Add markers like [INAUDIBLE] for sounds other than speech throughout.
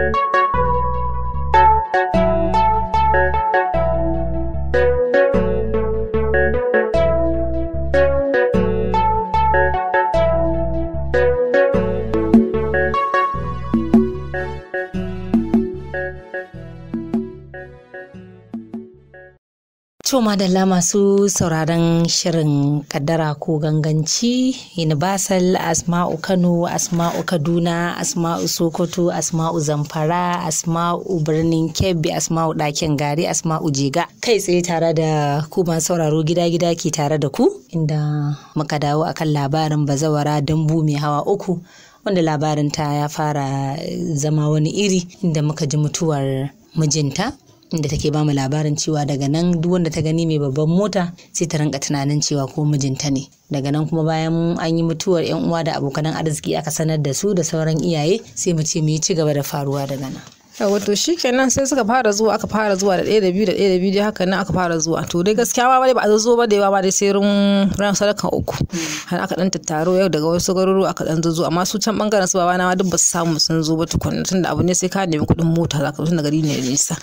Thank you. To madalla masu sauraron shirin kaddara ko ganganci Universal Asma'u Kano, Asma'u Kaduna, Asma'u Sokoto, Asma'u Zamfara, Asma'u Birnin Kebbi, Asma'u Ɗakin Gari, Asma'u Jega. Kai tsaye tare da ku sauraro gida-gida ke tare da ku inda muka dawo akan labarin bazawara dambu mai hawa uku. Wanda labarin ta ya fara zama wani iri inda muka ji mutuwar mijinta inda take bamu labarin cewa daga nan duk wanda ta gani mai babban mota sai ta rinka tunanin cewa ko mijinta ne daga nan kuma bayan an yi mutuwar yan uwa da abokan arziki aka sanar da su da sauran iyaye sai mu ce mu yi ci gaba da faruwa daga nan wato to kenan sai suka fara zuwa aka fara zuwa da ɗaya da biyu da ɗaya da biyu dai haka nan aka fara zuwa to dai gaskiya ma ba a zo ba da yawa ba dai sai ran sadaka uku har aka dan tattaro yau daga wasu garuru aka dan zo amma su can bangaren su ba na duk ba su samu sun zo ba tukunna tunda abu ne sai ka nemi kuɗin mota zaka tunda gari ne nisa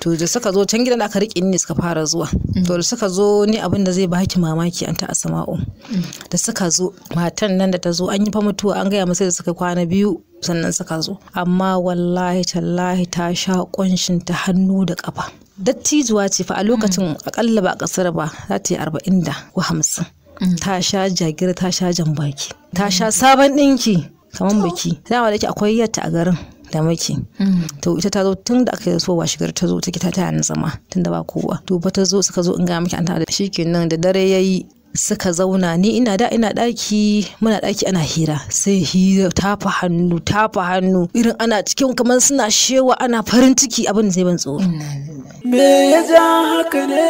to da suka zo can gidan da aka riƙe ne suka fara zuwa to da suka zo ni abin da zai baki mamaki an ta asama'u da suka zo matan nan da ta zo an yi fa mutuwa an gaya masa da suka kwana biyu sannan suka zo amma wallahi tallahi ta sha kunshin ta hannu da kafa dattijuwa ce fa a lokacin mm. akalla ba kasar ba za ta yi arba'in da ko hamsin mm. ta sha jagira ta sha baki ta mm. sha sabon ɗinki kamar biki dama da ke akwai yatta a garin da maki. to ita ta zo tun da aka so wa shigar ta zo ta kita ta zama tun da ba kowa to ba ta zo suka zo in ga miki an ta da shikenan da dare yayi suka zauna ni ina da ina daki muna daki ana hira sai hira tafa hannu tafa hannu irin ana cikin kamar suna shewa ana farin ciki abin zai ban tsoro me ya ja haka ne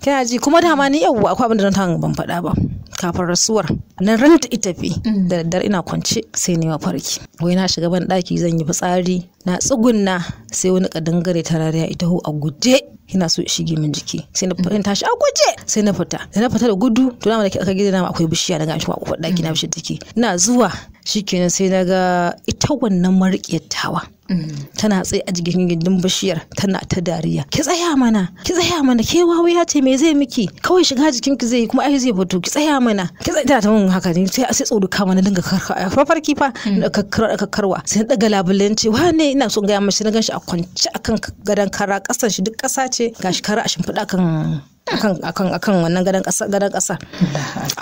kina ji kuma dama ni yau akwai abin da zan ban faɗa ba kafin rasuwar ran ranta ita fi mm. da daddare ina kwance sai ne mafarki wai na shiga ban daki zan yi fitsari na tsugunna sai wani kadangare tarariya ita ho a guje Kina so ya shige min jiki sai na fita mhm. tashi a guje sai na fita da na fita da gudu to na aka gida na akwai bishiya daga shi ko daki na bishiya mhm. take ina zuwa shikenan sai na ga ita wannan marƙiyar tana tsaye a jikin gindin bishiyar tana ta dariya ki tsaya mana ki tsaya mana ke ya ce me zai miki kawai shiga jikin ki zai yi kuma ai zai fito ki tsaya mana ki tsaya tana ta mun haka ne sai sai tsoro kama na dinga karka farfarki fa mm. kakkarwa sai na daga labulen ce ne ina son gaya mashi na ganshi a kwance akan gadan kara kasan shi duk kasa ce gashi kara a shimfiɗa kan akan akan wannan gadon kasa gadon kasa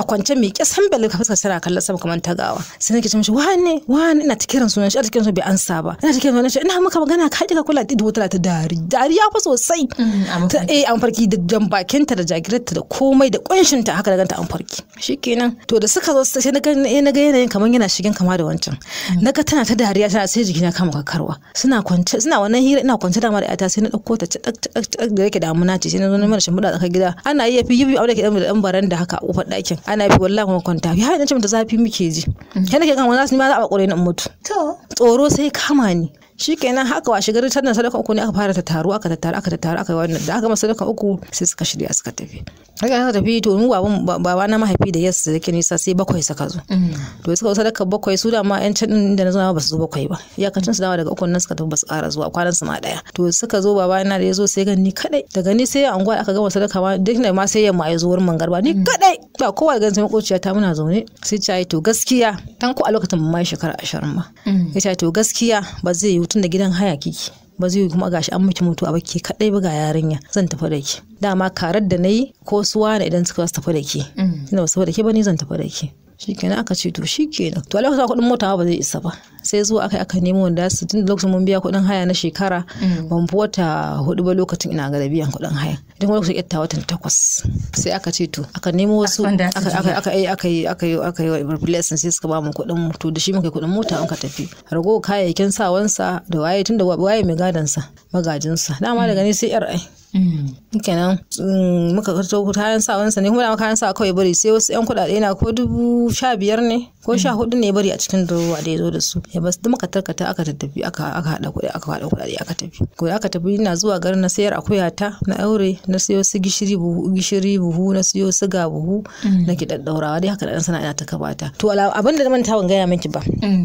a kwance mai kisan bale ka fuskar tana kallon sama kamar tagawa sai nake ce mishi wane wane ina ta kiran sunan shi ina ta kiran sunan bai ansa ba ina ta kiran sunan shi ina maka magana ka ji ka kula da wata ta dari dari ya fa sosai mm, ta eh an farki da jan bakinta da jagirinta da komai da kunshin ta haka da ganta an farki shikenan to da suka zo sai na ga eh, na ga yanayin kamar yana shigen kama da wancan Na ga tana ta dariya tana sai jikina kama kakarwa suna kwance suna wannan hira ina kwance da mara ta sai na dauko ta ta da yake damuna ce sai na zo na mara shimbiɗa tsakar gida ana iya fi yi aure ke da dan baranda haka kofar ɗakin ana fi wallahi kuma kwanta fi har ce mata zafi muke ji mm-hmm. kai nake kan wani yi ma za a bakure ni in mutu to tsoro sai kama ni shikenan haka shigar gari tana sadaka uku ne aka fara ta taru aka ta taru aka ta taru aka yi wannan da aka ma sadaka uku sai suka shirya suka tafi haka aka tafi to mu baban baba na mahaifi da yasa da nisa sai bakwai suka zo mm. to suka zo sadaka bakwai su da ma yan can da na zama ba su zo bakwai ba iyakacin su dawa daga uku nan suka tafi ba su ƙara zuwa kwanan su ma daya to suka zo baba na da ya zo sai gani kadai daga ni sai anguwa aka gama sadaka ma duk ne ma sai yamma ya zo wurin mangarba ni mm. kadai ba kowa ganin sai makociya ta muna zaune sai ta to gaskiya tan ko a lokacin ma shekara 20 ba mm. ya to gaskiya ba zai yi tun da gidan haya kiki ba zai kuma gashi an miki mutu a baki kadai ba ga yarinya zan tafi da ki dama karar da nayi ko suwa na idan suka tafi da ki mm. ina ba su da ki ba ni zan tafi da ki shikenan aka ce to shikenan to lokacin kuɗin mota ba zai isa ba sai zuwa aka aka nemo wanda su tun lokacin mun biya kuɗin haya na shekara mm. ban fi wata hudu ba lokacin ina gada biyan kuɗin haya idan lokacin yatta watan takwas sai aka ce to aka nemo wasu aka yi aka yi aka yi aka yi sai suka ba mu kuɗin to da shi muka kuɗin mota an ka tafi rago kayayyakin sawansa da waye tun da waye mai gadansa magajinsa dama daga ni sai yar ai mm. kenan mm, muka karto kayan sa ne kuma da kayan sa kawai bari sai wasu yan kudade na ko dubu sha biyar ne ko sha mm. hudu ne bari a cikin durowa da ya zo da su ya bas duk muka tarkata aka tafi aka aka haɗa kudi aka haɗa kuɗaɗe aka tafi ko aka tafi ina zuwa garin na sayar akuya ta na aure na siyo su gishiri buhu gishiri buhu na siyo siga buhu mm. na ki daddaurawa dai haka da sana ina ta kabata to abinda da manta ban gaya miki ba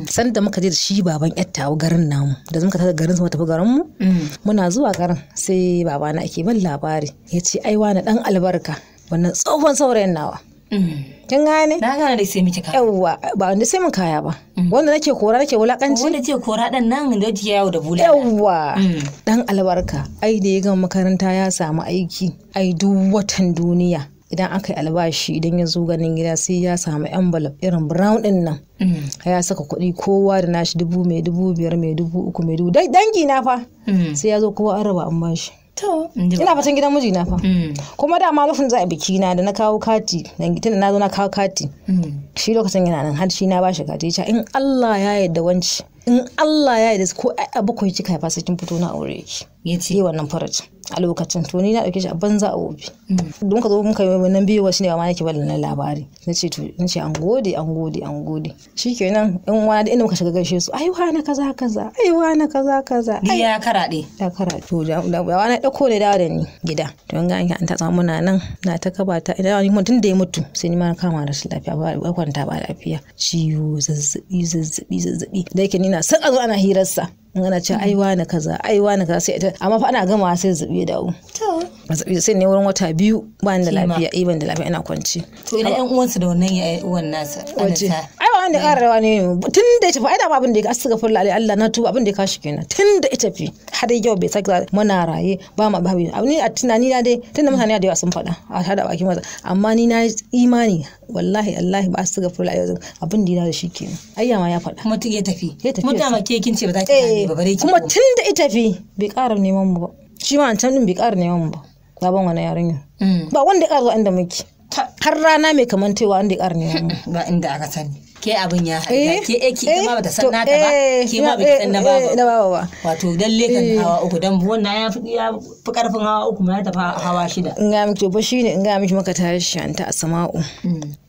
san da muka je da shi baban yattawa garin namu da muka tafi garin su tafi garin mu muna zuwa garin sai babana ake ban labari labari ya ce ai wani dan albarka wannan tsohon saurayin nawa mm. kin gane na gane da sai miki kaya yawa ba wanda sai min kaya ba mm. wanda nake kora nake wulakanci wanda ce kora dan nan da ke yawo da bula yawa dan mm. albarka ai da ya gama makaranta ya samu aiki ai duk watan duniya idan aka yi albashi idan ya zo ganin gida sai ya samu envelope irin brown din nan ya saka kuɗi kowa da nashi dubu mai dubu biyar mai dubu uku mai dubu dangi na fa sai ya zo kowa an raba an bashi To, ina fatan gidan mijina fa. Mm. Kuma dama nufin za a biki na da na kawo kati, gidan na zo na kawo kati. Mm. Shi lokacin yana nan har shi na bashi kati ya in Allah ya yarda wanci, in Allah ya yarda ko a bakwai kika haifa fa sakin fito na aure ki. Yace wannan farajin. a lokacin to ni na dauke shi a banza a obi don ka zo muka yi wannan biyu shine ba ma nake bada nan labari na ce to in ce an gode an gode an gode shikenan in wa da inda muka shiga gaishe su aiwa na kaza kaza aiwa na kaza kaza ai ya karade ya karade to da wani dauko ne da ni gida to an ga an ta samu muna nan na ta kaba ta ina wani mutum da ya mutu sai ni ma kama rashin lafiya ba kwanta ba lafiya ciwo zazzabi zazzabi zazzabi da yake ni na san a zo ana hirarsa in ana ce aiwa mm. na kaza aiwa na kaza sai ita amma fa ana gama sai zabi ya dawo zabi sai ne wurin wata biyu ba ni da lafiya eh da lafiya ina kwanci to ina yan uwansu da wannan ya uwan nasa wace aiwa wanda ƙara rawa ne tun da ita fa ai da ba abin da ya asu gafar lalai Allah na tuba abin da ya kashi kenan tun da ita fi har yau bai saka muna raye ba ma babu ni ne a tunani na dai tun da mutane da yawa sun faɗa a hada baki maza amma ni na imani wallahi allahi ba su ga fula yau abin da da shi kenan ayya ma ya faɗa kuma tun ya tafi ya tafi mutum ke kin ce ba za ta gane eh, ba bare kuma tun da ya tafi bai ƙara neman mu ba shi ma an can din bai ƙara neman mu ba baban wani yarinya mm. ba wanda ya ƙara zuwa inda muke har rana mai kamantewa wanda ya ƙara neman mu [LAUGHS] ba inda aka sani ke abin ya haɗa eh, ke eki eh, eh, ma bata san nata ba ke ma bata san na ba ba wato dan lekan hawa uku dan wannan ya fi ya fi karfin hawa uku ma ya tafi hawa shida in ga miki ba shine in ga miki maka tare anta a sama'u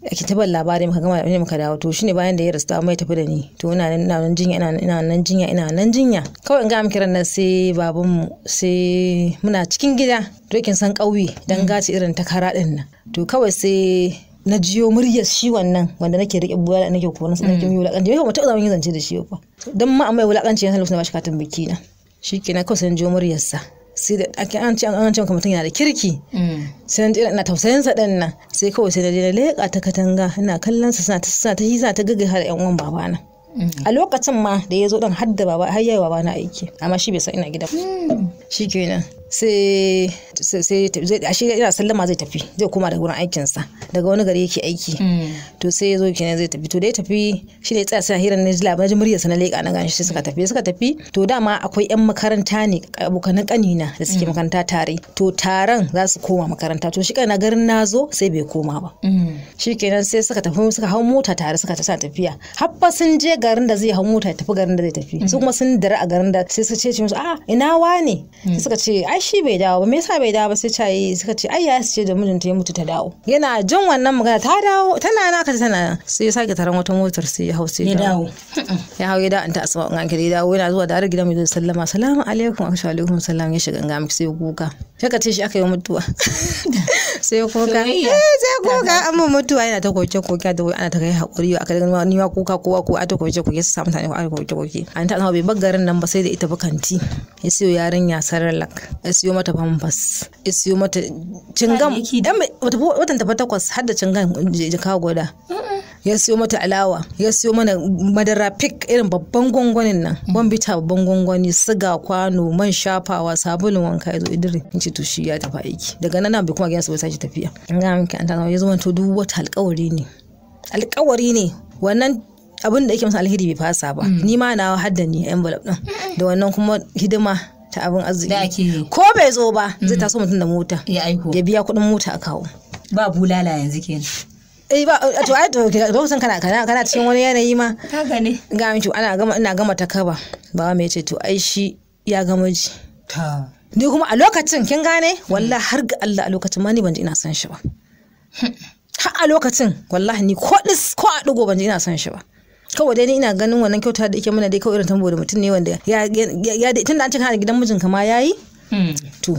ake hmm. ta ban labarin maka gama da maka dawo to shine bayan da ya rasta mai tafi da ni to ina nan ina nan jinya ina ina nan jinya ina nan jinya kawai in ga miki ran nan sai baban mu sai muna cikin gida to kin san kauye dan gaci irin ta din nan to kawai sai na jiyo muryar shi wannan wanda nake rike buwa da nake sanin kin mm. yi wulakanci yau mutum zaman zance da shi yau dan ma amai wulakanci yana lokacin da bashi katin biki na shikenan kawai sai jiyo muryar sa sai da ake an ce an ce mutum yana da kirki mm. sai na ina tausayin sa din nan sai kawai sai na je na leka ta katanga ina kallon sa suna ta suna ta hisa ta gaga har yan uwan babana mm. a lokacin ma da ya zo dan hadda baba har yayi babana aiki amma shi bai san ina gida shikenan sai sai yana sallama zai tafi zai koma daga wurin aikinsa daga wani gari yake aiki hmm. to sai ya zo kenan zai tafi to da ya tafi shi ne tsaya suna hira ne labarin ji muryarsa na leƙa na ganshi suka tafi suka tafi to dama akwai yan makaranta ne abokanan kanina da suke hmm. makaranta tare to taron za su koma makaranta to shi kana garin nazo sai bai koma ba hmm. shi kenan sai suka tafi suka hau mota tare suka ta tafiya haɓɓa sun je garin da zai hau mota ya tafi garin da zai tafi su kuma sun dare a garin da sai suka ce musu a ah, ina wane sai suka ce ai shi bai dawo ba me yasa bai dawo ba sai cayi suka ce ai ya ce da mijinta ya mutu ta dawo yana jin wannan magana ta dawo tana na ka tana sai ya sake taron wata motar sai ya hau sai ya dawo ya hau ya dawo an ta asuwa an kare dawo yana zuwa da har gidan mai sallama salamu alaikum wa alaikum salam ya shiga ga miki sai ya kuka sai ce shi aka yi mutuwa [LAUGHS] sai kuka eh sai kuka amma mutuwa yana ta koke koke da wai ana ta kai hakuri aka ga ni ma kuka kowa ko a ta koke koke sai samu tani ko a koke koke an ta bai bar garin nan ba sai da ita bakanti ya siyo yarinya saralak ya siyo mata pampers ya siyo mata cingam watan tafa takwas har da cingam jika gwada ya siyo mata alawa ya siyo mana madara pik irin babban gwangwanin nan ban mm. bita babban gwangwani siga kwano man shafawa sabulun wanka ya zo idiri in ce to shi ya tafi aiki daga nan bai kuma gina su bai tafiya in ga miki an tana ya zo to duk wata alƙawari ne alƙawari ne wannan abin da yake masa alheri bai fasa ba mm. ni ma na hadda ni envelope din da wannan kuma hidima ta abin arziki ko bai zo ba zai mm. taso mutum da mota ya aiko ya biya kuɗin mota a kawo ba bulala yanzu kenan eh ba to ai to lokacin kana kana kana cikin wani yanayi ma kaga ne ga mu to ana gama ina gama ta kaba ba mai yace to ai shi ya gama ji ta ni kuma a lokacin kin gane wallahi har ga Allah a lokacin ma ni ban ji ina son shi ba hmm. har a lokacin wallahi ni ko ko a dugo ban ji ina son shi ba kawai dai ina ganin wannan kyauta da yake mana dai kawai irin tambo da mutum ne wanda ya ya tun da an cika gidan mijinka ma yayi hmm. to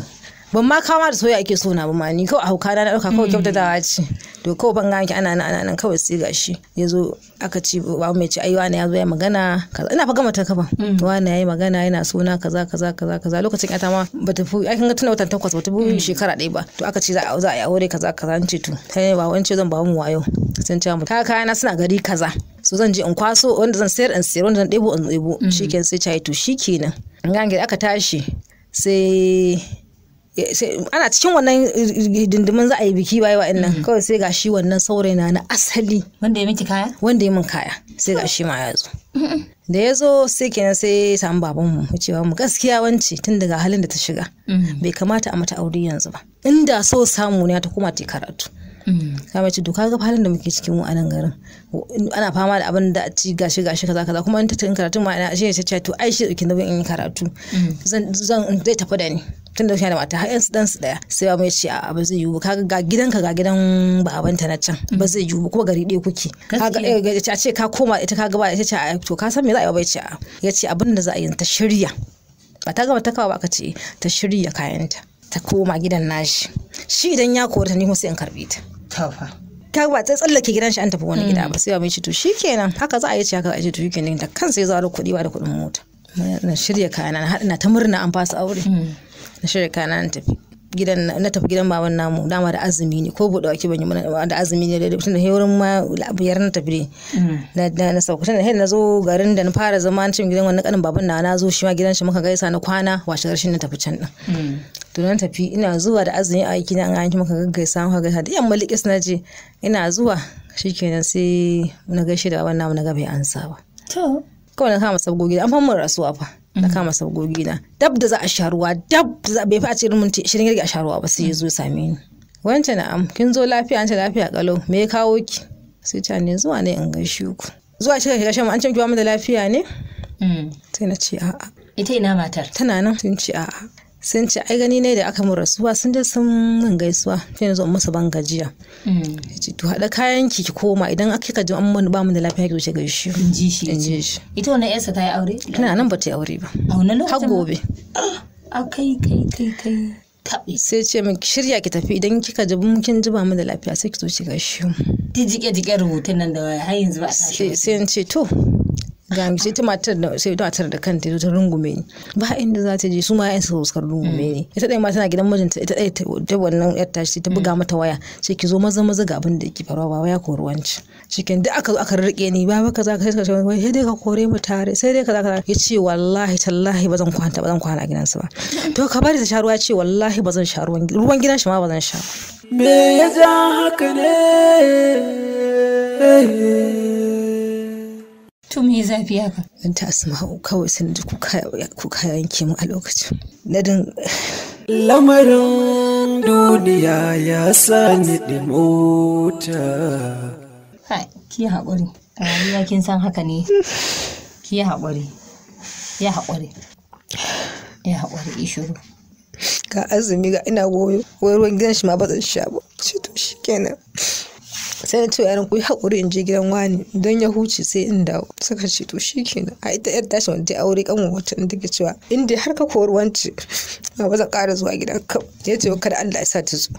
ban ma kama da soya ake sona ba ma ni kawai a hauka na dauka kawai hmm. kyauta da wace to kawai ban ganki ana nan ana nan kawai sai gashi yazo aka ci ba mai ci ai wani yazo ya magana kaza ina fa gama ta kafa hmm. wani yayi magana yana sona kaza kaza kaza kaza lokacin ta ma bata fi ai kan ga tana watan takwas ba ta bi shekara ɗaya ba to aka ce za a yi aure kaza kaza an ce to sai ba wani ce zan ba mu wayo sun ce mu kaka na suna gari kaza so zan je in kwaso wanda zan sayar in sayar wanda zan ɗebo in ɗebo mm. ke sai cayi to shikenan in ga aka tashi sai ana cikin wannan dindimin za a yi biki bayi wa'in nan mm. kawai sai gashi wannan saurayi na na asali wanda ya miki kaya wanda ya min kaya sai gashi ma ya zo da ya zo sai kenan sai samu baban mu cewa mu gaskiya wance tun daga halin da ta shiga mm. bai kamata a mata aure yanzu ba inda so samu ne ta kuma ta karatu ka ce doka ga halin da muke cikin mu a nan garin ana fama da abin da a ci gashi gashi kaza kaza kuma in ta tun karatu ma ina shi ya ce to ai shi dauki nauyin in yi karatu zan zan zai tafi da ni tun da da mata har yan dan su daya sai ba mai ce a ba zai yiwu kaga ga gidanka ga gidan babanta na can ba zai yiwu kuma gari ɗaya kuke kaga eh, ce ka koma ita kaga ba ita ce a to ka san me za a yi ba ce a ya ce abin da za a yi ta shirya ba ta gama ta kawo ba ka ce ta shirya kayanta ta koma gidan nashi shi idan ya kori ta nemo sai in karbe ta ta ba ta tsallake gidan shi an tafi wani gida ba hmm. sai mai to shikenan haka za a yi haka a ce to shikenan da kansa ya zaro kuɗi ba da kuɗin mota na shirya kayana na haɗa ta murna an fasa aure hmm. na shirya kayana na tafi gidan na tafi gidan baban namu dama da azumi ne ko buɗe wake banyi da azumi ne da tun da heurin ma biyar na tafi hmm. ne na sauka tun da na zo garin da na fara zama cin gidan wani kanin baban na na zo shi ma gidan shi muka gaisa na kwana washe garshen na tafi can ɗin to nan tafi ina zuwa da azumi a aiki na an yi maka gaggaisa maka gaisa da yamma likis na je ina zuwa shikenan sai na gaishe da baban namu na gaba ya ansa ba to kawai na kama sabgogi an famu rasuwa fa na mm-hmm. kama sabgogi na dab da za a sha ruwa dab bai fa a cikin minti shirin yarki a sha ruwa ba sai ya zo same ni wancan na'am kin zo lafiya an ce lafiya kalau me ya kawo ki sai ta ne zuwa ne in gaishe ku zuwa shi ka gashe mu an ce ki ba mu da lafiya ne mm. sai na ce a'a ita ina matar tana nan sun ce a'a sun ce ai gani ne da aka mu rasuwa sun je sun mun gaisuwa sai yanzu musu ban gajiya mm. to haɗa kayan ki ki koma idan kika ji an ba mu da lafiya ki wuce gaishe in ji shi in ji shi ita wannan yarsa ta yi aure tana nan ba ta yi aure ba ha wannan lokacin har gobe a [GASPS] ah, kai kai kai kai sai ce min shirya ki tafi idan kika ji mun kin ji ba mu da lafiya sai ki zo ki gaishe mu ti jike jike rubutun nan da har yanzu ba a sai ce to ga mi sai ta matar da sai ta matar da kanta ta rungume ni ba inda za ta je su ma ƴan su kar rungume ni ita dai ma tana gidan mijinta ita dai ta wannan ƴar shi ta buga mata waya sai ki zo maza maza ga abin da yake faruwa ba waya ko ruwanci cikin duk aka aka rike ni ba baka za ka sai ka wai sai dai ka kore mu tare sai dai ka za ka ya ce wallahi tallahi bazan kwanta ba zan kwana gidansa ba to ka bari ta sha ruwa ce wallahi ba zan sha ruwan ruwan gidan shi ma ba zan sha me ya za haka ne to me zafi haka binta asma'u kawai sun ji kuka yanke mu a lokacin na din lamarin duniya ya sa ni dimota ki haƙuri a rayuwa kin san haka ne ki haƙuri ya haƙuri ya haƙuri ishuru ga azumi ga ina goyo wai ruwan gidan shi ma ba zan sha ba Shi to kenan. sai na ce yaran ku yi haƙuri in je gidan wani don ya huce sai in dawo suka ce to shi nan. a ita yar tashi wanda aure kan wata in take cewa in dai har ka kori wance ba zan ƙara zuwa gidan ka ya ce kada Allah ya sa ta zo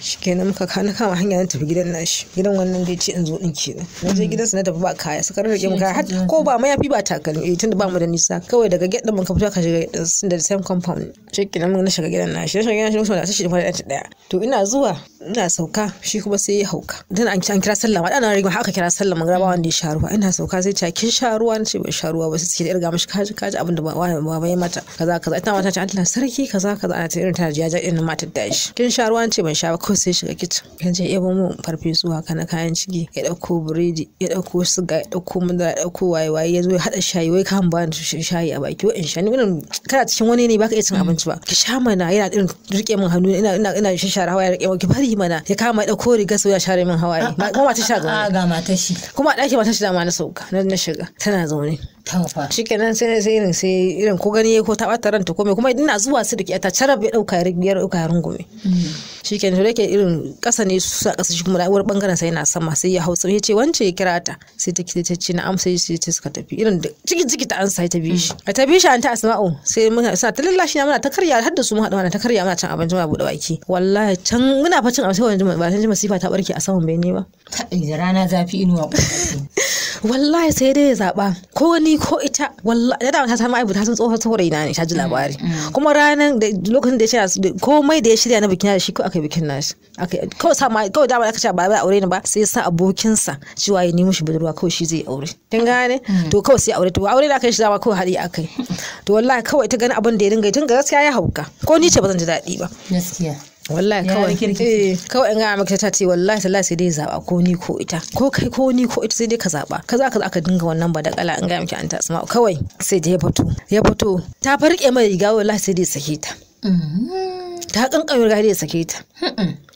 shikenan muka kana kama hanya na tafi gidan nashi gidan wannan dai ce in zo in nan. na je mm. gidansa na tafi ba kaya suka rarrake mu kaya ko ba ma ya fi ba takalmi eh tunda ba mu da nisa kawai daga gidan mun ka fito ka shiga gidan sun da same compound shikenan mun na shiga gidan nashi na shiga gidan nashi mutum da ta shi da ta ɗaya to ina zuwa ina sauka shi kuma sai ya hauka dan an kira sallah ma dana rigima haka kira sallah magraba mm. wanda ya sha ruwa ina sauka sai ta kin sha ruwa nace bai sha ruwa ba sai ta irga mishi kaji kaji abinda ba ba bai mata kaza kaza ita mata ce Allah sarki kaza kaza ana ta irin ta jiya irin matar da shi kin sha ruwa ce ban sha ba kawai sai shiga kitchen kan je yabo mu farfesu zuwa na kayan ciki ya dauko biredi ya dauko suga ya dauko madara ya dauko waye waye ya zo ya hada shayi wai kan ba ni shayi a baki wai in sha ni wannan kana cikin wani ne baka iya cin mm. abinci ba ki sha mana yana irin rike min hannu ina ina ina shashara hawa ya rike min ki bari mana ya kama ya dauko riga sau ya share min hawaye kuma matashi na zaune. Kuma a ɗakin matashi dama na sauka na shiga tana zaune. shikenan sai ne sai irin sai irin ko gani ko ta ranta ko kuma ina zuwa su ke ta cara bai dauka ya dauka ya rungume mm. shikenan to yake irin kasa ne su sa kasa shi kuma da'uwar bangaren sai yana sama sai ya hausa ya ce wance ya kira ta sai ta ta ce na amsa sai ta suka tafi irin da ciki ciki ta ansa ta bi shi mm. a ta bi shi an ta asma'u sai mun sa ta lallashi na muna ta karya har da su mun hada muna ta karya muna cin abinci muna bude baki wallahi can muna fa cin abinci ba san ji masifa ta barke a saman bene ba ta rana zafi inuwa [LAUGHS] wallahi sai dai ya zaba ko wani ko ita wallahi da ta samu aibu ta san tsohon saurayi na ne ta ji labari mm, mm. kuma ranar da lokacin da ya shirya komai da ya shirya na bikin da shi ko aka bikin nashi aka ko sa da dama aka ce ba ba aure ni ba sai ya sa abokinsa cewa ya nemi shi budurwa ko shi zai aure kin gane mm. to kawai sai aure to aure da kai shi zama kawai haɗi akai [LAUGHS] to wallahi kawai ta gani abin da ya dinga tun ga gaskiya ya hauka ko ni ce ba zan ji daɗi ba gaskiya wallahi kawai kawai in eh, ga maka ta ce wallahi ta sai dai zaba ko ni ko ita ko kai ko ni ko ita sai dai ka zaba Ka za aka dinga wannan kala in ga miki an ta asma kawai sai dai ya fito ya fito ta farke mai riga wallahi sai dai sake ta mm-hmm. ta kankan riga da sake ta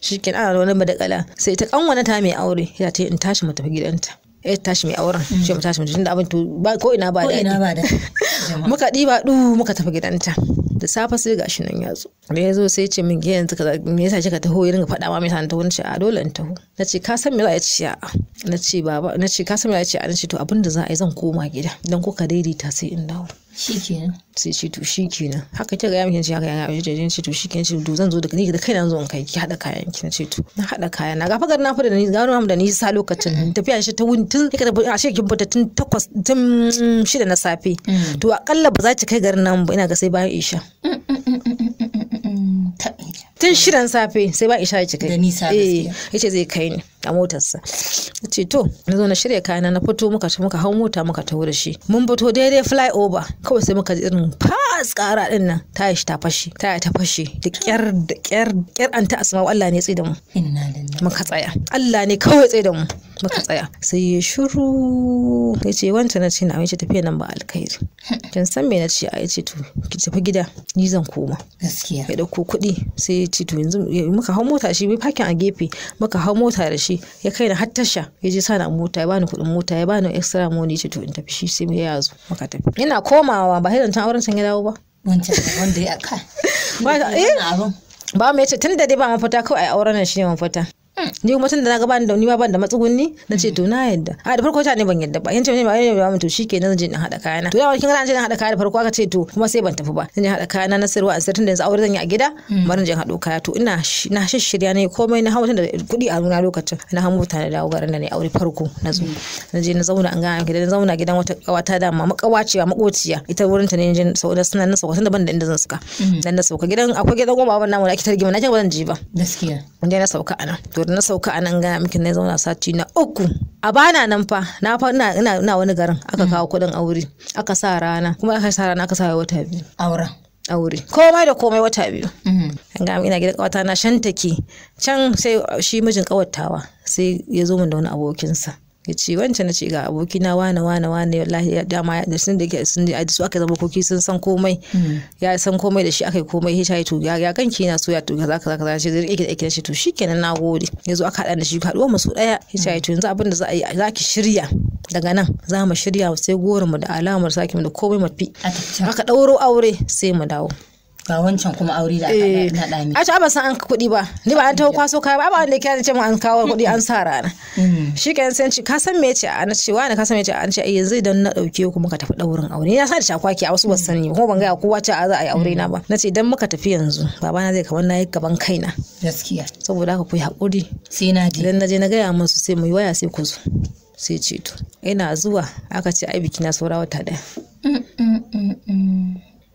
shi ke ba da kala sai ta kanwana ta mai aure ya ta in tashi mu tafi gidanta ya eh, tashi mai auren shi mm. mu tashi mu tunda abin to ko ina ba da [LAUGHS] muka diba du muka tafi gidanta da safe sai ga shi nan ya zo da ya zo sai ce min yanzu kaza. me yasa kika taho ya ringa faɗa ma me yasa taho ce a dole in taho nace ka san me za a ci a nace baba nace ka san me za a ci a nace to abin da za a yi zan koma gida dan kuka daidaita sai in dawo shikenan sai ce to shikenan haka ta gaya min ce haka yana abin da ce to shikenan ce to zan zo da ni da kaina zo in kai ki hada kayan ki ce to na hada kayan na gafa garin na fada da ni gano da ni sa lokacin mm. tafiya shi ta wuni tun kika tafi a shekin fita tun takwas tun shida na safe mm. to akalla ba za ki kai garin nan ba ina ga sai bayan isha mm, Mm, tun shirin safe sai ba isha ci kai da Ya eh, ce zai kai ni a motarsa ce to na zo na shirya kayana na fito muka muka hau mota muka ta wuri shi mun fito daidai fly over kawai sai muka irin fas kara din nan ta shi ta fashi ta ta fashi da kyar da kyar kyar an ta asma Allah ne tsaye da mu muka tsaya Allah ne kawai tsaye da mu muka tsaya sai ya shiru ya ce wanta na ce na amince tafiya nan ba alkhairi [LAUGHS] kin san me na ce a ya ce to ki tafi gida ni zan koma gaskiya ko kuɗi sai ya ce to yanzu muka hau mota shi bai fakin a gefe muka hau mota da shi ya kai na har tasha ya je na mota ya bani kuɗin mota ya bani extra money ce to in tafi shi sai ya yazo muka tafi ina komawa ba tan auren san ya dawo ba wancan wanda ya ka [LAUGHS] eh, ba mu yace tun da dai ba mafita kawai a auren shi ne mafita ni kuma tun da na ga ban da ni ma ban da matsugunni na ce to na yadda a da farko ta ne ban yadda ba yace ne ba ne ba to shikenan zan je in hada kayana to da kin ga an je in hada kaya da farko aka ce to kuma sai ban tafi ba zan je hada kayana na sirwa a sirtin da yanzu aure zan yi a gida hmm. bari je hado kaya to ina na shirya ne komai na hawo da kudi a nuna lokacin na hamu ta da dawo garin da ne aure farko na zo na je na zauna an ga an gidan zauna gidan wata kawata da ma makawaciya makociya ita wurin ta ne je sau da suna na sauka tunda ban da inda zan suka dan hmm. na sauka gidan akwai gidan goma ban namu da ake targima na ke ba zan je ba gaskiya na sauka ana to to da na sauka anan gaya miki na zauna sati na uku a bana nan fa na fa ina ina wani garin aka kawo kuɗin aure aka sa rana kuma aka sa rana aka sa wata biyu aure aure komai da komai wata biyu mm-hmm. an ga ina gidan kawata na shantake can sai shi mijin kawatawa sai ya zo min da wani abokinsa ya ce wancan na ce ga abokina wane wane wane wallahi dama da sun da sun da su aka zama koki sun san komai hmm. ya san komai da shi aka yi komai ya shayi to ya ganki na so ya to kaza ka za shi zai rike da ake shi to shikenan nagode ya zo aka hada da shi ka mu su daya ya hmm. shayi to yanzu abin da za a ki shirya daga nan za mu shirya sai mu da alamar sakin da komai mafi aka ɗauro aure sai mu dawo ba wancan kuma aure da eh. na dami a ci ba san an kuɗi ba ni ba an taho kwaso kaya ba ba wanda ya ce mu an kawo kuɗi an sa rana mm. shi kenan sai ce ka san me ce an ce ne ka san me ce an ce yanzu idan na ɗauke ku muka tafi ɗaurin aure na sa da shakwaki a wasu ba sani kuma ban gaya kowa ce a za a yi aure na ba mm. ce idan muka tafi yanzu baba na zai kamar na yi gaban kaina gaskiya saboda haka ku yi hakuri sai na je idan na je na gaya musu sai mu yi waya sai ku zo sai ce to ina zuwa aka ce ai biki na saura wata daya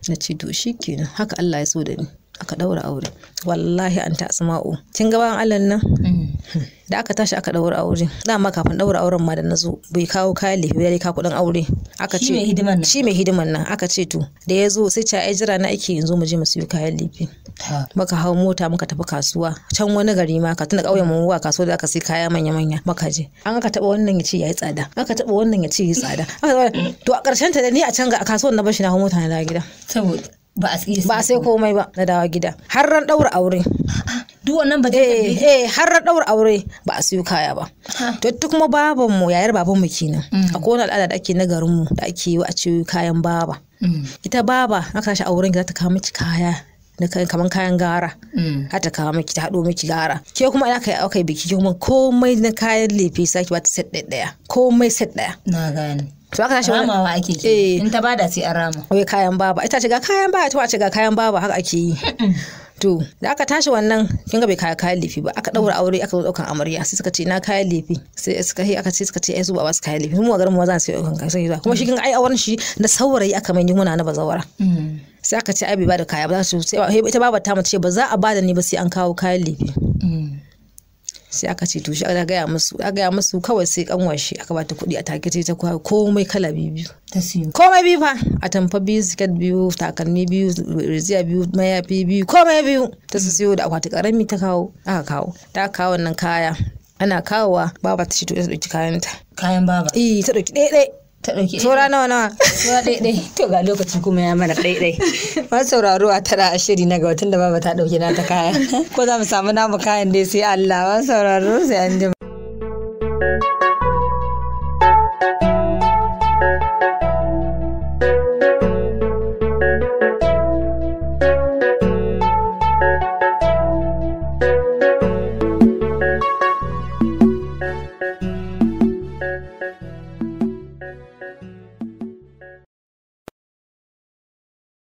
na ce to shi kenan haka Allah ya so da ni aka ɗaura aure wallahi an ta asma'u kin ga ban Allah nan eh. da aka tashi aka ɗaura aure dama kafin ɗaura auren ma da na zo bai kawo kayan lefe bai ka kuɗin aure aka ce shi mai hidiman nan aka ce to da ya zo sai ce ai jira na ake yanzu mu je mu siyo kayan lefe muka hau mota muka tafi kasuwa can wani gari ma ka tuna kauyen mu wa kasuwa da aka sai kaya manya manya muka je an aka taɓa wannan ya ce yayi tsada aka taɓa wannan ya ce yayi tsada to a karshen ta da ni a can ga kasuwan na bashi na hau mota na gida saboda ba a sai komai ba na dawa gida har ran daura aure ah, duk wannan ba eh eh har ran daura aure ba a siyo kaya ba ah. to duk kuma baban mu yayar baban mu kenan mm. akwai wani al'ada da ake na garin mu da ake yi a ce kayan baba mm. ita baba na tashi auren ki za ta kawo miki kaya na kaman kayan gara har mm. ta kawo miki ta hado miki gara ke kuma ina kai aka biki kuma komai na kayan lefe saki ba ta set ɗaya komai set ɗaya na gane to aka tashi ramawa ake ke eh. in ta bada sai an rama wai kayan baba ita ce ga kayan baba ta ce ga kayan baba haka ake yi to da aka tashi wannan kin ga bai kaya kayan lefi ba aka daura aure aka zo daukan amarya sai suka ce na kayan lefi sai suka he aka ce suka ce ai zuba ba su kayan lefi mu garin mu za su yi kan sai kuma shi kin ai auren shi na saurayi aka mai muna na bazawara mm. sai aka ce ai bai bada kaya ba za su sai ita babar ta mace ba za a bada ni ba sai an kawo kayan lefi sai aka ce tushe shi gaya musu a gaya musu kawai sai kanwar shi aka bata kuɗi a take ta kwa komai kala biyu komai biyu fa a tamfa biyu siket biyu takalmi biyu riziya biyu mayafi biyu komai biyu ta su siyo da akwati karami ta kawo aka kawo ta kawo wannan kaya ana kawowa baba ta shi to ta ɗauki kayanta kayan baba eh ta ɗauki ɗaya ɗaya Tura ɗauki nawa nawa Tura ɗaiɗai [LAUGHS] to ga lokaci kuma ya mana ɗaiɗai [LAUGHS] ma sauraro a tara a shiri na ga watan da ba ta ɗauki na ta kaya [LAUGHS] ko za mu samu namu kayan dai sai Allah ma sauraro sai an